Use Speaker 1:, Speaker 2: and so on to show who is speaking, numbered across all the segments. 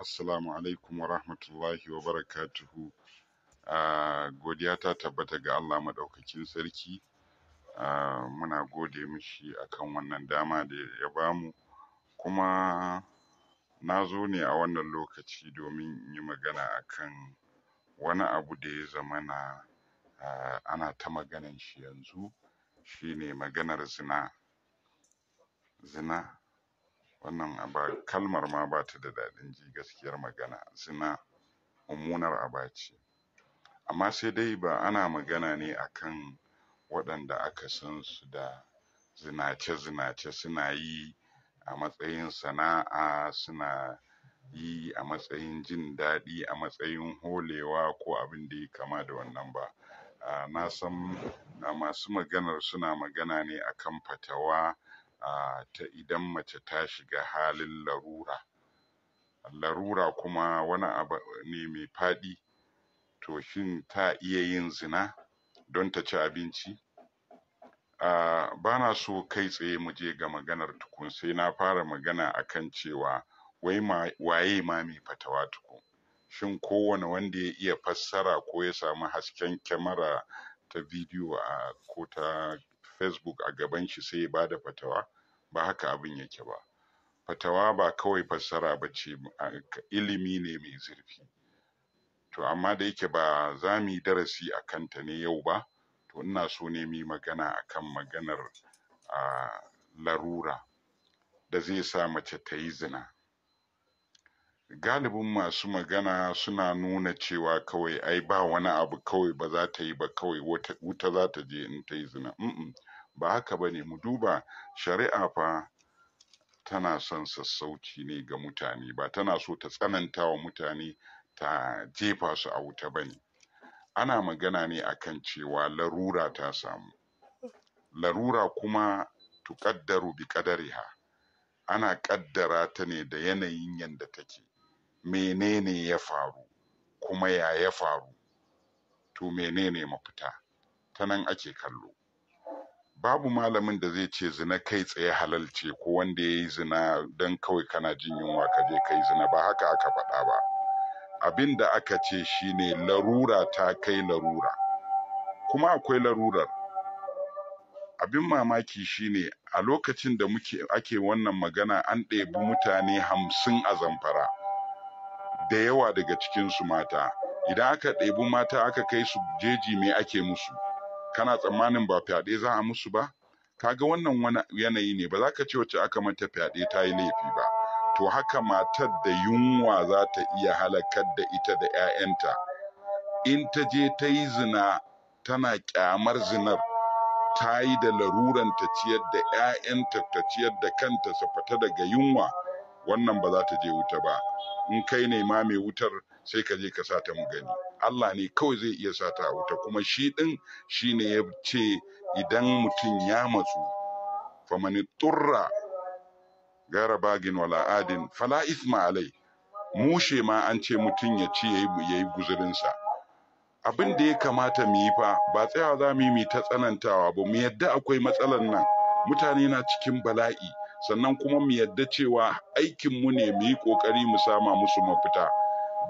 Speaker 1: Assalamu alaikum wa rahmatullahi wa barakatuhu. Uh, godiya ta tabbata ga Allah maɗaukakin sarki. Uh, muna gode mishi akan wannan dama da ya bamu. Kuma na zo ne a wannan lokaci domin in yi magana akan wani abu da ya zama uh, ah, ana ta maganan shi yanzu shine maganar zina. Zina wannan aba kalmar ma ba ta da daɗin ji gaskiyar magana zina mummunar aba ce amma sai dai ba ana magana ne akan waɗanda aka san su da zinace-zinace suna yi a matsayin sana'a suna yi a matsayin jin daɗi a matsayin holewa ko abin da ya kama da wannan ba ah, na san ah, masu maganar suna magana ne akan fatawa a ta idan mace ta shiga halin larura larura kuma wani abu ne mai faɗi to shin ta iya yin zina don ta ci abinci a bana so kai tsaye mu je ga maganar tukun sai na fara magana akan cewa wai ma waye ma mai fatawa tukun shin kowane wanda ya iya fassara ko ya samu hasken kyamara ta bidiyo a ko ta facebook a gaban shi sai ya bada fatawa ba haka abin yake ba fatawa ba kawai fassara ba ce ilimi ne mai zurfi to amma da yake ba za mu yi darasi a kanta ne yau ba to ina so ne mu yi magana a kan maganar larura da zai sa mace ta yi zina galibin masu magana suna nuna cewa kawai ai ba wani abu kawai ba za ta yi ba kawai wuta za ta je in ta yi zina ba haka bane mu duba shari'a fa tana son sassauci ne ga mutane ba tana so ta tsananta wa mutane ta jefa su a wuta bane ana magana ne akan cewa larura ta samu larura kuma tuƙaddarubi bi ƙadariha ana ƙaddara ta ne da yanayin yadda take menene ya faru kuma ya ya faru to menene mafita ta nan ake kallo babu malamin da zai ce zina kai tsaye halal ce ko wanda ya yi zina don kawai kana jin yunwa ka je ka yi zina ba haka aka faɗa ba abin da aka ce shine larura ta kai larura kuma akwai larurar abin mamaki shine a lokacin da muke ake wannan magana an ɗebi mutane hamsin a zamfara da yawa daga cikinsu mata idan aka ɗebi mata aka kai su jeji me ake musu kana tsammanin ba fyaɗe za a musu ba kaga wannan wani yanayi ne ba za ka ce wacce aka mata fyaɗe ta yi laifi ba to haka matar da yunwa za ta iya halakar da ita da 'ya'yanta in ta je ta yi zina tana kyamar zinar ta yi da laruran ta ciyar da 'ya'yanta ta ciyar da kanta su fita daga yunwa wannan ba za ta je wuta ba in kai ne ma mai wutar sai ka je ka sa ta mu gani Allah ne kawai zai iya sata a wuta kuma shi ɗin shi ne ya ce idan mutum ya matsu famani turra gara bagin wala adin fala isma alai mushe ma an ce mutum ya ci ya yi guzurinsa abin da ya kamata mu yi fa ba tsayawa za mu yi mu ta tsanantawa ba mu yadda akwai matsalar nan mutane na cikin bala'i sannan kuma mu yadda cewa aikinmu ne mu yi ƙoƙari mu sama musu mafita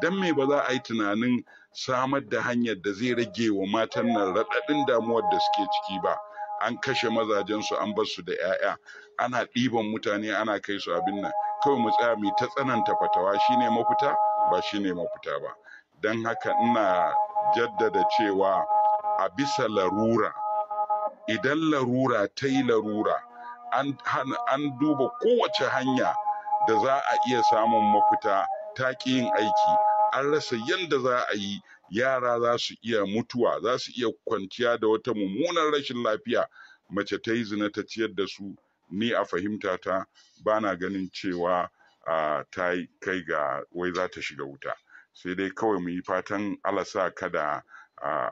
Speaker 1: don me ba za a yi tunanin samar da hanyar da zai rage wa matan nan raɗaɗin damuwar da suke ciki ba an kashe mazajen su an bar su da 'ya'ya ana ɗiban mutane ana kai su abin nan kawai mu tsaya mu ta tsananta fatawa shine mafita ba shine mafita ba don haka ina jaddada cewa a bisa larura idan larura ta yi larura an duba kowace hanya da za a iya samun mafita ta yin aiki an rasa yadda za a yi yara za su iya mutuwa za su iya kwanciya da wata mummunar rashin lafiya mace ta yi zina ta ciyar da su ni a fahimta ta ba na ganin cewa ta kai ga wai za ta shiga wuta sai dai kawai mu yi fatan alasa kada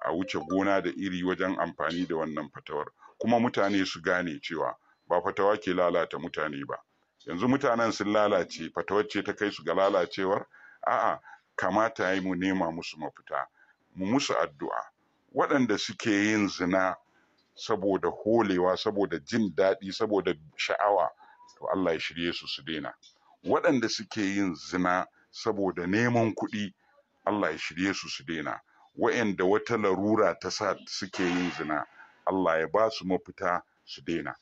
Speaker 1: a wuce gona da iri wajen amfani da wannan fatawar kuma mutane su gane cewa ba fatawa ke lalata mutane ba yanzu mutanen sun lalace fatawacce ta kai su ga lalacewar a'a kamata ya yi mu nema musu mafita mu musu addu'a waɗanda suke yin zina saboda holewa saboda jin daɗi saboda sha'awa to Allah ya shirye su su daina waɗanda suke yin zina saboda neman kuɗi Allah ya shirye su su daina waɗanda wata larura ta sa suke yin zina Allah ya ba su mafita su daina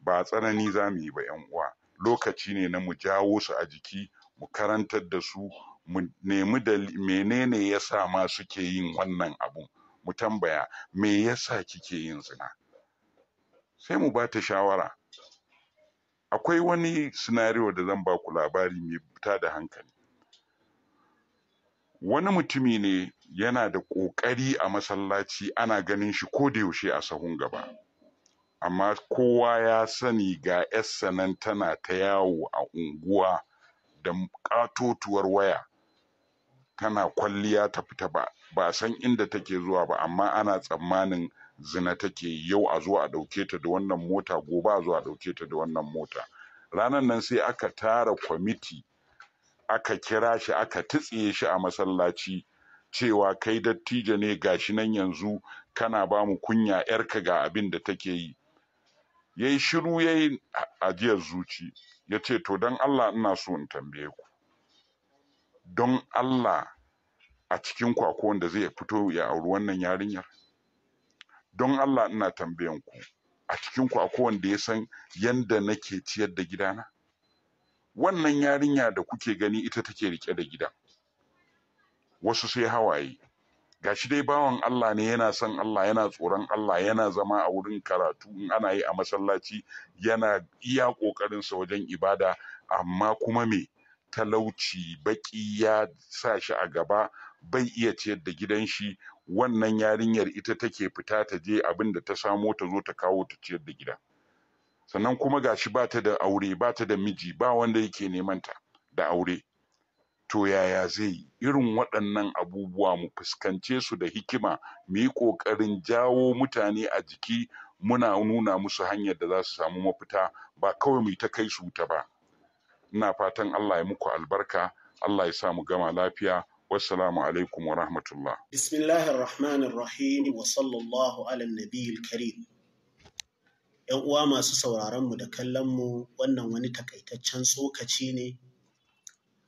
Speaker 1: ba tsanani za mu yi ba 'yan uwa lokaci ne na mu jawo su a jiki mu karantar da su mu nemi menene ya sa ma suke yin wannan abun mu tambaya me yasa kike yin zina sai mu ba ta shawara akwai wani sinariyo da zan ba ku labari mai buta da hankali wani mutumi ne yana da ƙoƙari a masallaci ana ganin shi ko da yaushe a sahun gaba amma kowa ya sani ga yarsa tana ta yawo a unguwa da ƙatotuwar waya tana kwalliya ta fita ba ba san inda take zuwa ba amma ana tsammanin zina take yau a zo a ɗauke ta da wannan mota gobe a zuwa a ɗauke ta da wannan mota ranar nan sai aka tara kwamiti aka kira shi aka tutsiye shi a masallaci cewa kai dattijo ne gashi nan yanzu kana ba mu kunya yarka ga abin da take yi ya yi shiru ya yi ajiyar zuci ya ce to don Allah ina so in tambaye ku don Allah a cikin kwako wanda zai fito ya auri wannan yarinyar don Allah ina tambayan ku a cikin ku da ya san yanda nake ciyar da gidana wannan yarinya da kuke gani ita take rike da gidan wasu sai hawaye gashi dai bawan Allah ne yana son Allah yana tsoron Allah yana zama a wurin karatu in ana yi a masallaci yana iya ƙoƙarin sa wajen ibada amma kuma me talauci baki ya sa shi a gaba bai iya ciyar da gidan shi wannan yarinyar ita take fita ta je abin da ta samo ta zo ta kawo ta ciyar da gida sannan kuma gashi ba ta da aure ba ta da miji ba wanda yake neman ta da aure to yaya zai yi irin waɗannan abubuwa mu fuskance su da hikima mu yi ƙoƙarin jawo mutane a jiki muna nuna musu hanyar da za su samu mafita ba kawai mu ta kai su ta ba ina fatan Allah ya muku albarka Allah ya sa mu gama lafiya wassalamu alaikum wa rahmatullah
Speaker 2: bismillahir rahmanir rahim wa sallallahu ala nabiyil karim yan uwa masu sauraron mu da kallon mu wannan wani takaitaccen tsokaci ne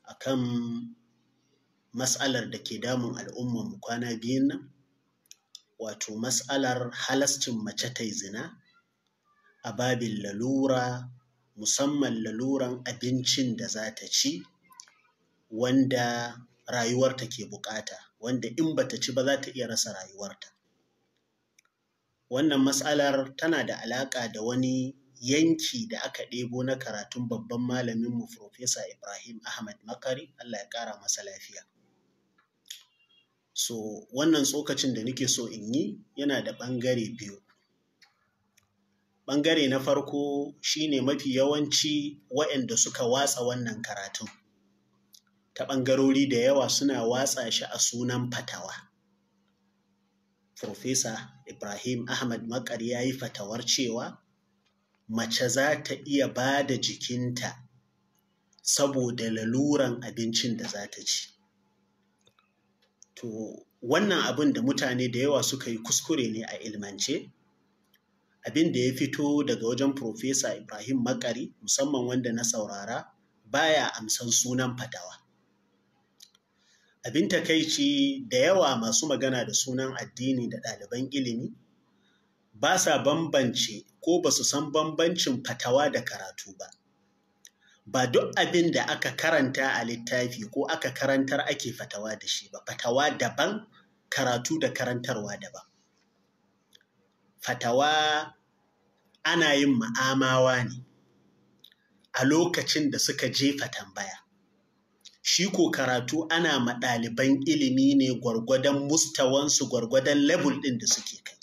Speaker 2: akan matsalar da ke damun mu kwana biyun nan wato matsalar halascin mace ta zina a babin lalura musamman laluran abincin da za ta ci wanda rayuwarta ke bukata wanda in bata ci ba za ta iya rasa rayuwarta wannan matsalar tana da alaƙa da wani yanki da aka ɗebo na karatun babban malaminmu Profesa Ibrahim Ahmad Makari, Allah ya ƙara masa lafiya. So, wannan tsokacin da nake so in yi yana da ɓangare biyu. Ɓangare na farko shine mafi yawanci waɗanda suka watsa wannan karatun. Ta ɓangarori da yawa suna watsa shi a sunan fatawa. Profesa Ibrahim Ahmad Makari ya yi fatawar cewa mace za ta iya ba da jikinta saboda laluran abincin da za ta ci. To, wannan abin da mutane da yawa suka yi kuskure ne a ilmance, abin da ya fito daga wajen Profesa Ibrahim Makari, musamman wanda na saurara, baya amsan sunan fadawa. Abin takaici da yawa masu magana da sunan addini da ɗaliban ilimi, ba sa bambance ko ba su san bambancin fatawa da karatu ba. Ba duk abin da aka karanta a littafi ko aka karantar ake fatawa da shi ba, fatawa daban, karatu da karantarwa daban. Fatawa ana yin ma'amawa ne a lokacin da suka jefa tambaya. Shi ko karatu ana ma ɗaliban ilimi ne gwargwadon mustawansu gwargwadon level ɗin da suke kai.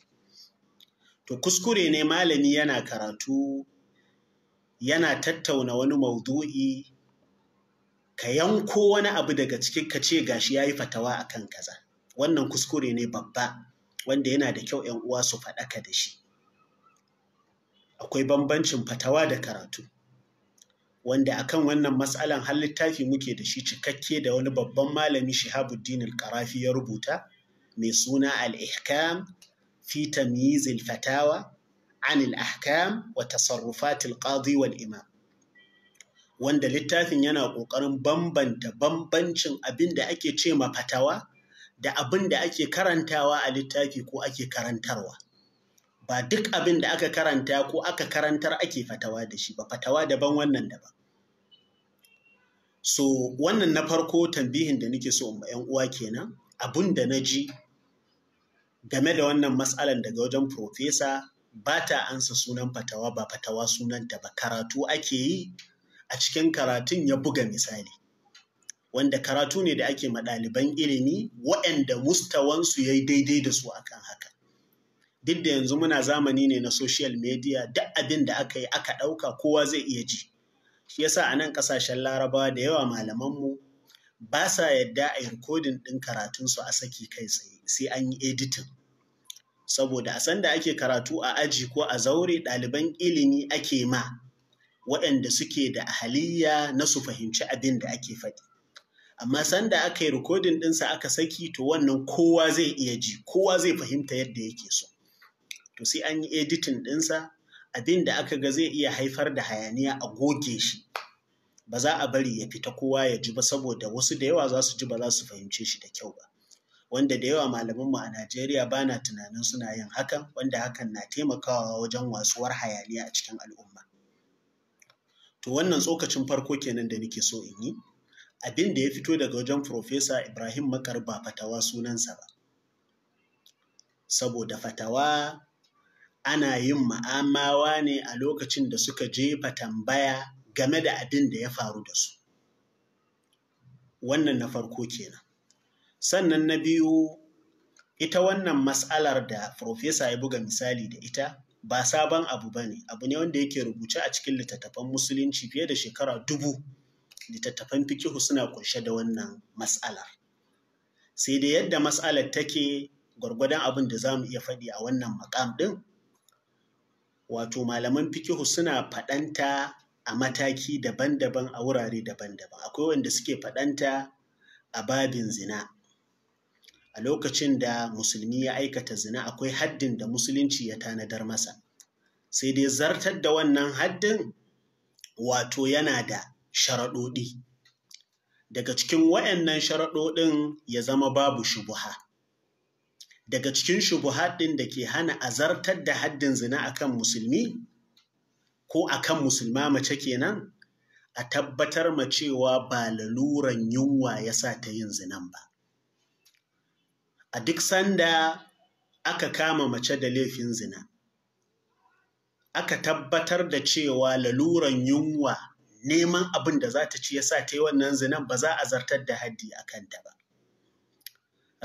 Speaker 2: To kuskure ne malami yana karatu yana tattauna wani maudu'i ka yanko wani abu daga cikin ka ce gashi ya yi fatawa a kan kaza. Wannan kuskure ne babba wanda yana da kyau ‘yan uwa su faɗaka da shi. Akwai bambancin fatawa da karatu. Wanda akan wannan matsalan har littafi muke da shi cikakke da wani babban malami Shihabuddin al ya rubuta mai suna al-Ihkam fi tamyiz al-fatawa an al-ahkam wa tasarrufat al wal imam wanda littafin yana ƙoƙarin bambanta bambancin abin da ake ce ma fatawa da abin da ake karantawa a littafi ko ake karantarwa. Ba duk abin da aka karanta ko aka karantar ake fatawa da shi ba, fatawa daban wannan daban. So, wannan na farko tambihin da nake so ma 'yan uwa kenan, abin da na ji game da wannan matsalan daga wajen profesa ba ta ansa sunan fatawa ba fatawa sunanta ba karatu ake yi a cikin karatun ya buga misali wanda karatu ne da ake ɗaliban ilimi waɗanda mustawansu ya yi daidai da su akan haka duk da yanzu muna zamani ne na social media duk abin da aka yi aka ɗauka kowa zai iya ji shi yasa a nan ƙasashen larabawa da yawa malamanmu ba sa yadda a yi rikodin ɗin karatunsu a saki kai tsaye sai an yi editin saboda a sanda ake karatu a aji ko a zaure ɗaliban ilimi ake ma waɗanda suke da ahaliya na su fahimci abin da ake faɗi amma sanda aka yi rikodin ɗinsa aka saki to wannan kowa zai iya ji kowa zai fahimta yadda yake so to sai an yi editin ɗinsa abin da aka ga zai iya haifar da hayaniya a goge shi ba za a bari ya fita kowa ya ji ba saboda wasu da yawa za su ji ba za su fahimce shi da kyau ba wanda da yawa malamanmu a Najeriya ba na tunanin suna yin hakan wanda hakan na taimakawa wajen wasuwar hayaniya a cikin al'umma. To wannan tsokacin farko kenan da nake so in yi, abin da ya fito daga wajen Profesa Ibrahim Makar ba fatawa sunansa ba. Saboda fatawa ana yin ma'amawa ne a lokacin da suka jefa tambaya game da abin da ya faru da su wannan na farko kenan sannan na biyu ita wannan matsalar da Profesa ya buga misali da ita ba sabon abu ba ne abu ne wanda yake rubuce a cikin littattafan musulunci fiye da shekara dubu littattafan fikihu suna kunshe da wannan matsalar sai da yadda matsalar take gwargwadon abin da za mu iya faɗi a wannan makam ɗin wato malaman fikihu suna faɗanta a mataki daban-daban a wurare daban-daban akwai wanda suke faɗanta a babin zina a lokacin da musulmi ya aikata zina akwai haddin da musulunci ya tanadar masa sai dai zartar da wannan haddin wato yana da sharaɗoɗi daga cikin wayannan sharaɗoɗin ya zama babu shubuha daga cikin shubuha ɗin da ke hana a zartar da haddin zina akan musulmi ko a kan musulma mace kenan a tabbatar ma cewa ba laluran yunwa ya sa ta yin zinan ba a duk sanda aka kama mace da laifin zina aka tabbatar da cewa laluran yunwa neman abin da za ta ci ya sa ta yi wannan zinan ba za a zartar da haddi a kanta ba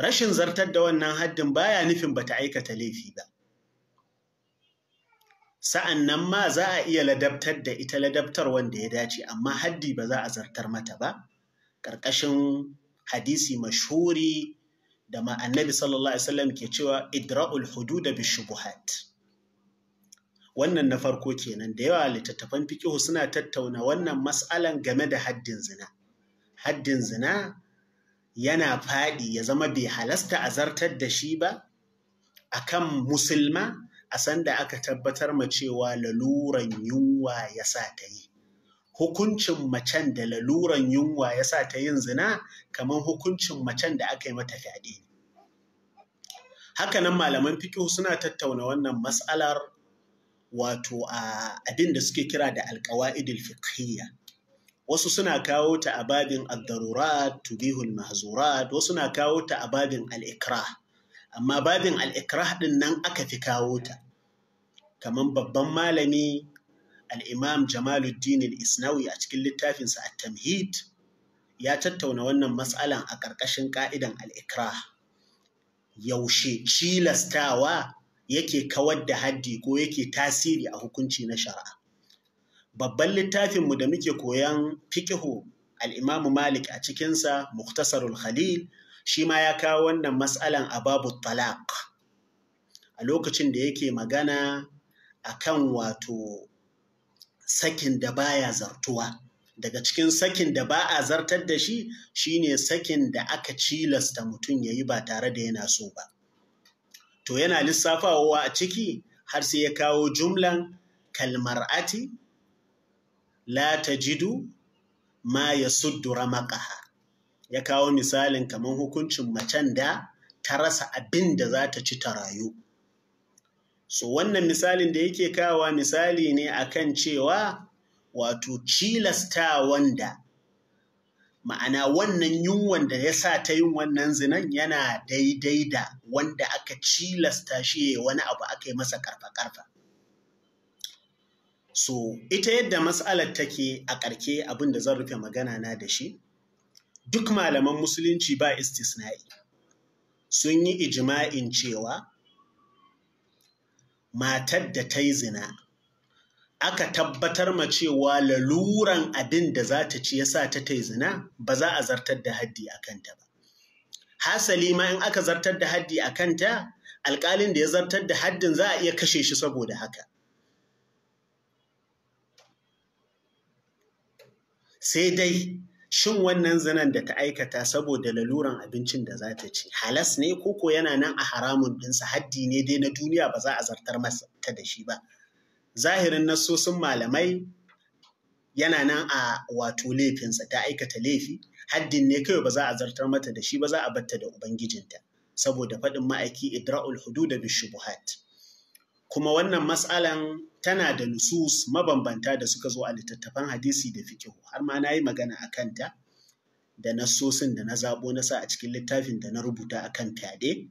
Speaker 2: rashin zartar da wannan haddin baya nufin ba ta aikata laifi ba sa'an nan ma za a iya ladabtar da ita ladabtar wanda ya dace amma haddi ba za a zartar mata ba ƙarƙashin hadisi mashhuri da ma annabi sallallahu alaihi wasallam ke cewa idra'ul hudud bi shubuhat wannan na farko kenan da yawa littattafan fiqh suna tattauna wannan mas'alan game da haddin zina haddin zina yana faɗi ya zama bai halasta a zartar da shi ba akan musulma a sanda aka tabbatar ma cewa laluran yunwa ya sa ta yi. Hukuncin macen da laluran yunwa ya sa ta yin zina kamar hukuncin macen da aka yi mata fyaɗe. Hakanan malaman fikihu suna tattauna wannan matsalar wato a abin da suke kira da alkawa'idul fiqhiyya. Wasu suna kawo ta a babin ad-darurat, tubihul mahzurat, wasu suna kawo ta a babin al-ikrah. amma babin al'ikrah ɗin nan aka fi kawo ta kamar babban malami al'imam jamaluddin isnawi a cikin littafinsa a tamhid ya tattauna wannan matsalan a ƙarƙashin ƙa'idan al'ikrah yaushe cilastawa yake kawar da haddi ko yake tasiri a hukunci na shari'a babban littafinmu da muke koyan fikihu al'imamu malik a cikinsa muktasarul khalil shi ma ya kawo wannan matsalan a babu talak a lokacin da yake magana a kan wato sakin da baya zartuwa daga cikin sakin da ba a zartar da shi shine sakin da aka cilasta mutum ya yi ba tare da yana so ba to yana lissafawa a ciki har sai ya kawo jumlan kalmar'ati la Jidu, ma ya suddura maƙaha. ya kawo misalin kamar hukuncin macen da ta rasa abin da za ta ci ta rayu so wannan misalin da yake kawo misali ne a kan cewa wato cilasta wanda ma'ana wannan yunwan da ya sa ta yin wannan zinan yana daidai da wanda aka cilasta shi wani abu aka yi masa karfa-karfa so ita yadda matsalar take a ƙarke abin da zan rufe magana na da shi duk malaman musulunci ba istisna'i sun yi ijima'in cewa matar da ta yi zina aka tabbatar ma cewa laluran abin da za ta ci yasa ta ta yi zina ba za a zartar da haddi a kanta ba. Hasali ma in aka zartar da haddi a kanta, alƙalin da ya zartar da haddin za a iya kashe shi saboda haka. Sai dai shin wannan zinan da ta aikata saboda laluran abincin da za ta ci halas ne koko yana nan a haramun dinsa haddi ne dai na duniya ba za a zartar mata da shi ba zahirin nasosin malamai yana nan a wato laifinsa ta aikata laifi haddin ne kawai ba za a zartar mata da shi ba za a batta da ubangijinta saboda faɗin ma'aiki idra'ul hudu da bishubuhat kuma wannan matsalan tana da nusus mabambanta da suka zo a littattafan hadisi da fikihu har ma na yi magana a kanta da nasosin da na zaɓo na sa a cikin littafin da na rubuta a kan fyaɗe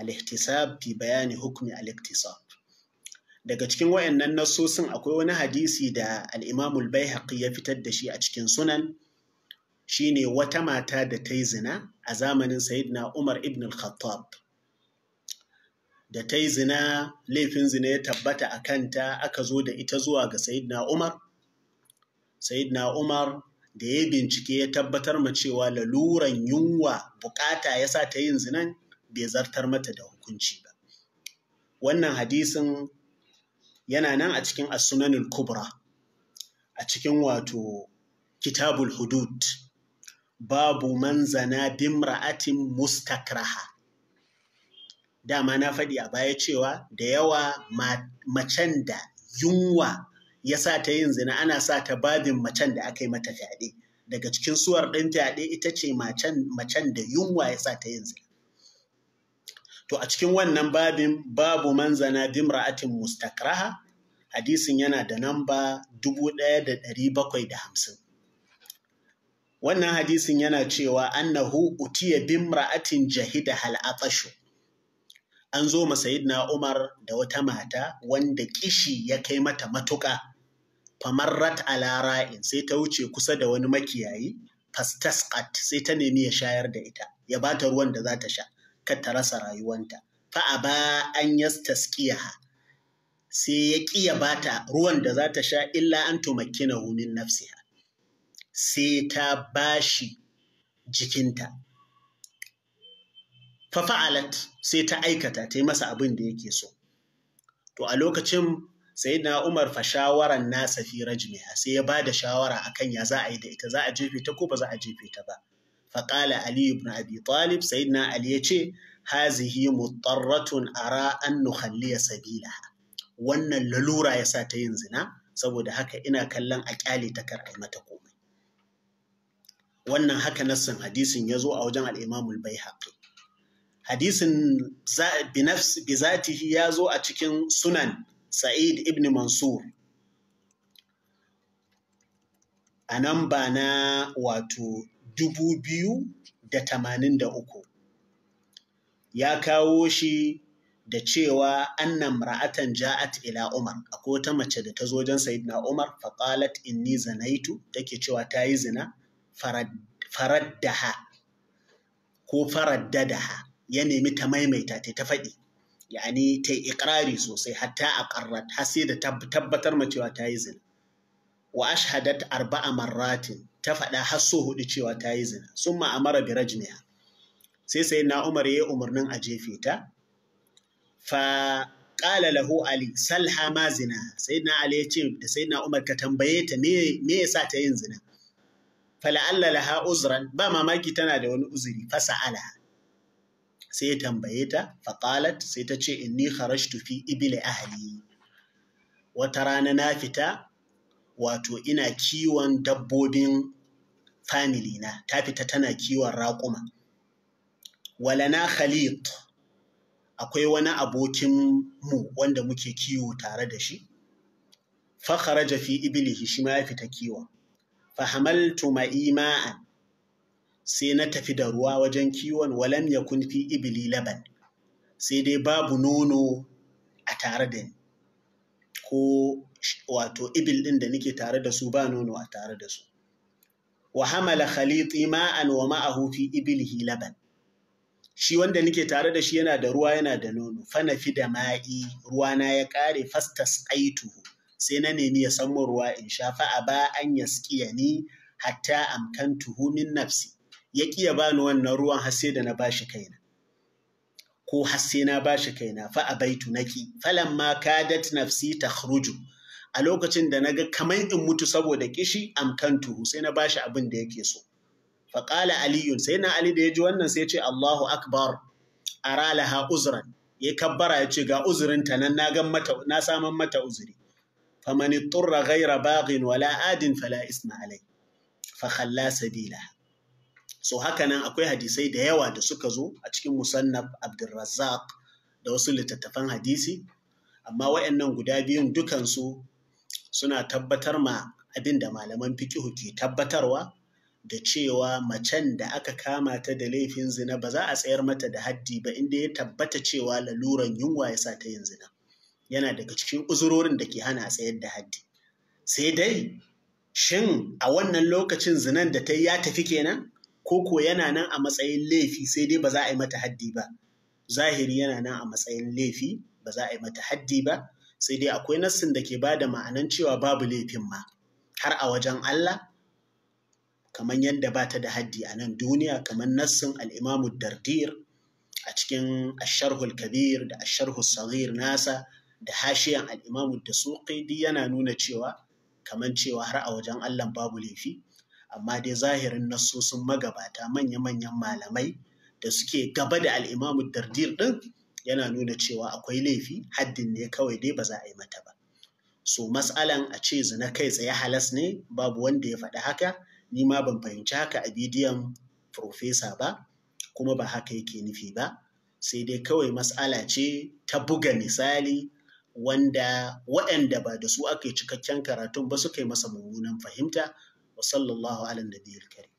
Speaker 2: al-ihtisab fi bayani hukmi al-ihtisab daga cikin wayannan nasosin, akwai wani hadisi da al-imam al ya fitar da shi a cikin sunan shine wata mata da ta yi zina a zamanin sayyidina umar ibn al-khattab da ta yi zina laifin zina ya tabbata a kanta aka zo da ita zuwa ga na Umar. na Umar da ya bincike ya tabbatar ma cewa laluran yunwa bukata ya sa ta yin zinan bai zartar mata da hukunci ba. Wannan hadisin yana nan a cikin asunanul kubra a cikin wato kitabul hudud babu man zana bimra'atin mustakraha dama na faɗi a baya cewa da yawa macen da yunwa ya sa ta yin zina ana sa ta babin macen da aka yi mata fyaɗe daga cikin suwar ɗin fyaɗe ita ce macen da yunwa ya sa ta yin zina to a cikin wannan babin babu manzana bimra'atin mustakraha hadisin yana da namba 1750 wannan hadisin yana cewa annahu utiya bimra'atin jahida hal an zo ma sayidna Umar da wata mata wanda kishi ya kai mata matuƙa. Famarrat ala ra'in sai ta wuce kusa da wani makiyayi, fastasqat sai ta nemi ya shayar da ita, ya ba ta ruwan da za ta sha, kar ta rasa rayuwanta. Fa ba an yastaskiyaha sai ya kiya bata ruwan da za ta sha illa an tumakkina min nafsiha. Sai ta bashi jikinta. fafa'alat sai ta aikata ta yi masa abin da yake so to a lokacin sayyidina Umar fa shawaran nasa fi rajmiha sai ya ba da shawara akan ya za a yi da ita za a jefe ta ko ba za a jefe ta ba fa qala Ali ibn Abi Talib sayyidina Ali ya ce hazihi mutarratun ara an nukhalliya sabilaha wannan lalura ya sa ta yin zina saboda haka ina kallon a kyale ta kar ai mata komai wannan haka nassin hadisin ya zo a wajen al imamul al hadisin bizatihi ya zo a cikin sunan sa'id ibn mansur a nan ba na wato dubu da tamanin da uku ya kawo shi da cewa annan ra'atan ja'at ila umar akwai wata mace da ta zo wajen na umar faqalat inni zanaitu take cewa ta yi zina faraddaha ko faraddadaha ya nemi ta maimaita ta ta faɗi yani ta ikrari sosai hatta a ƙarrat har sai da tabbatar ma cewa ta yi zina wa ashhadat arba'a marratin ta faɗa har so hudu cewa ta yi zina sun ma'amara bi rajmiha sai sai na umar ya yi umarnin a jefe ta fa ƙala lahu ali salha ma zina sai na ali ya ce da sai na umar ka tambaye ta me yasa ta yin zina fala Allah laha uzran ba mamaki tana da wani uzuri fa sa'ala sai ya tambaye ta faƙalat sai ta ce inni kharajtu fi a ahli wata rana na fita wato ina kiwon dabbobin family na ta fita tana kiwon raƙuma walana khalid akwai wani abokin mu wanda muke kiwo tare da shi fa kharaja fi iblihi shi ma ya fita kiwon fa hamaltu ma'ima'an sai na tafi da ruwa wajen kiwon walam ya kunfi ibili laban sai dai babu nono a tare da ni ko wato ibil ɗin da nake tare da su ba nono a tare da su wa hamala khaliti ma'an wa ma'ahu fi ibilihi laban shi wanda nake tare da shi yana da ruwa yana da nono fana fi da ma'i ruwa na ya kare fastas aituhu sai na nemi ya samu ruwa in sha fa a ba an ya ni hatta amkantuhu min nafsi ya ƙi ya bani wannan ruwan har da na bashi kaina ko har na bashi kaina fa a baitu naki falamma kadat nafsi ruju. a lokacin da naga kamar in mutu saboda kishi tuhu sai na bashi abin da yake so fa aliyun sai na ali da ya ji wannan sai ya ce Allahu akbar ara laha uzran ya kabbara ya ce ga uzurinta nan na gan mata na saman mata uzuri faman turra ghaira baghin wala adin fala isma alai fa khalla sabila so hakanan akwai hadisai da yawa da suka zo a cikin musannaf abdulrazzaq da wasu littattafan hadisi amma wayannan guda biyun dukansu suna tabbatar ma abin da malaman fikihu ke tabbatarwa da cewa macen da aka kama ta da laifin zina ba za a tsayar mata da haddi ba inda ya tabbata cewa laluran yunwa ya sa ta yin zina yana daga cikin uzurorin da ke hana tsayar da haddi sai dai shin a wannan lokacin zinan da ta yi ya tafi kenan koko yana nan a matsayin laifi sai dai ba za a yi mata haddi ba zahiri yana nan a matsayin laifi ba za a yi mata haddi ba sai dai akwai nassin da ke bada ma'anan cewa babu laifin ma har a wajen Allah kamar yadda ba ta da haddi a nan duniya kamar nassin al'imamu dardir a cikin asharhul kabir da asharhul sagir nasa da hashiyan al'imamu da suƙi yana nuna cewa kamar cewa har a wajen Allah babu laifi amma dai zahirin nassosin magabata manya-manyan malamai da suke gaba da al'imamu dardir din, yana nuna cewa akwai laifi haddin ne kawai dai ba za a yi mata ba so matsalan a ce zina kai tsaye halas ne babu wanda ya faɗi haka ni ma ban fahimci haka a bidiyon profesa ba kuma ba haka yake nufi ba sai dai kawai matsala ce ta buga misali wanda waɗanda ba da su ake cikakken karatun ba suka yi masa mummunan fahimta وصلى الله على النبي الكريم